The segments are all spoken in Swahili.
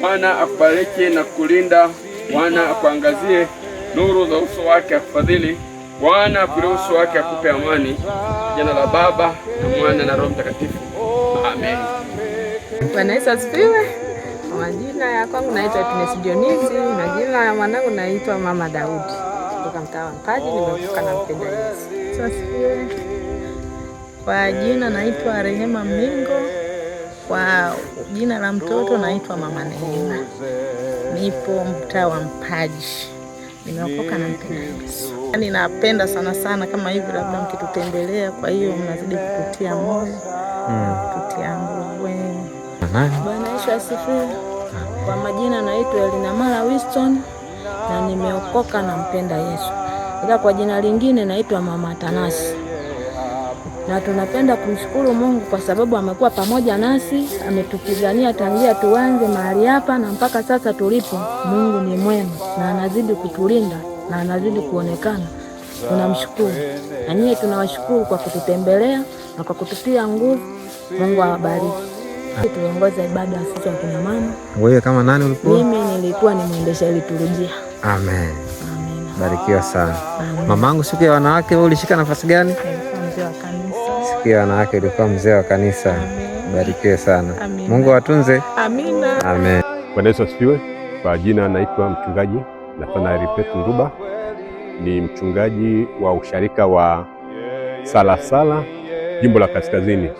Bwana akubariki na kulinda Bwana akuangazie nuru za uso wake akufadhili. Bwana akulie uso wake akupe amani. Jina la Baba na Mwana na Roho Mtakatifu, amen. Bwana Yesu asifiwe. Majina ya kwangu naitwa Agnes Dionisi, majina ya mwanangu naitwa Mama Daudi, kutoka mtaa wa Mpaji, nimevuka na mpenda Yesu. Kwa jina naitwa Rehema Mmingo kwa jina la mtoto naitwa Mama Neema, nipo mtaa wa Mpaji, nimeokoka mpenda Yesu. Yani napenda sana sana kama hivi, labda mkitutembelea, kwa hiyo mnazidi kututia moyo mm. kututia nguvu. Bwana Yesu asifiwe. Kwa majina naitwa Elina Mara Winston na nimeokoka na mpenda Yesu, ila kwa jina lingine naitwa Mama Tanasi na tunapenda kumshukuru Mungu kwa sababu amekuwa pamoja nasi, ametupigania tangia tuanze mahali hapa na mpaka sasa tulipo. Mungu ni mwema na anazidi kutulinda na anazidi kuonekana, tunamshukuru. Na nyie tunawashukuru kwa kututembelea na kwa kututia nguvu. Mungu awabariki Tuongoza ibada ya sisi ya kina mama. Wewe kama nani ulikuwa? Mimi nilikuwa ni mwendesha liturujia. Amen. Amen. Barikiwa sana. Mamangu, siku ya wanawake wewe ulishika nafasi gani? Mzee wa kanisa pia wanawake, ulikuwa mzee wa kanisa. Barikiwe sana. Amina. Mungu watunze. Amina. Amen. Bwana Yesu asifiwe. Kwa jina naitwa mchungaji Nathanaeli Petu Nduba, ni mchungaji wa usharika wa Salasala jimbo la Kaskazini.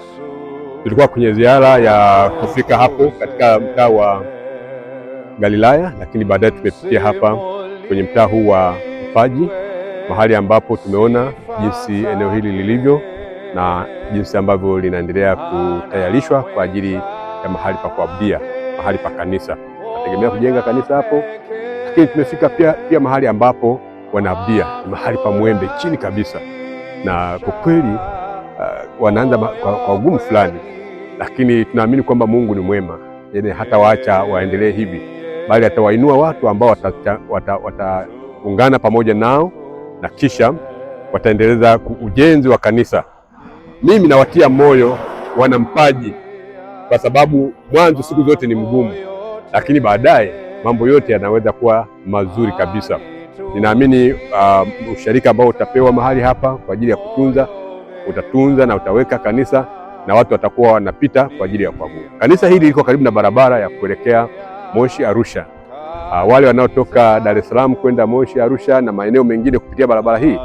Tulikuwa kwenye ziara ya kufika hapo katika mtaa wa Galilaya, lakini baadaye tumepitia hapa kwenye mtaa huu wa Mpaji mahali ambapo tumeona jinsi eneo hili lilivyo na jinsi ambavyo linaendelea kutayarishwa kwa ajili ya mahali pa kuabudia, mahali pa kanisa. Nategemea kujenga kanisa hapo, lakini tumefika pia, pia mahali ambapo wanaabudia ni mahali pa Mwembe chini kabisa, na kwa kweli uh, wanaanza kwa, kwa ugumu fulani, lakini tunaamini kwamba Mungu ni mwema, yaani hata waacha waendelee hivi, bali atawainua watu ambao wataungana wata, wata pamoja nao na kisha wataendeleza ujenzi wa kanisa. Mimi nawatia moyo wanampaji, kwa sababu mwanzo siku zote ni mgumu, lakini baadaye mambo yote yanaweza kuwa mazuri kabisa. Ninaamini uh, usharika ambao utapewa mahali hapa kwa ajili ya kutunza, utatunza na utaweka kanisa na watu watakuwa wanapita kwa ajili ya kuabudu. Kanisa hili liko karibu na barabara ya kuelekea Moshi Arusha. Uh, wale wanaotoka Dar es Salaam kwenda Moshi Arusha na maeneo mengine kupitia barabara hii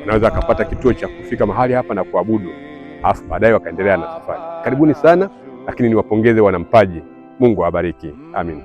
wanaweza akapata kituo cha kufika mahali hapa na kuabudu alafu baadaye wakaendelea na safari. Karibuni sana, lakini niwapongeze wanampaji. Mungu awabariki. Amin.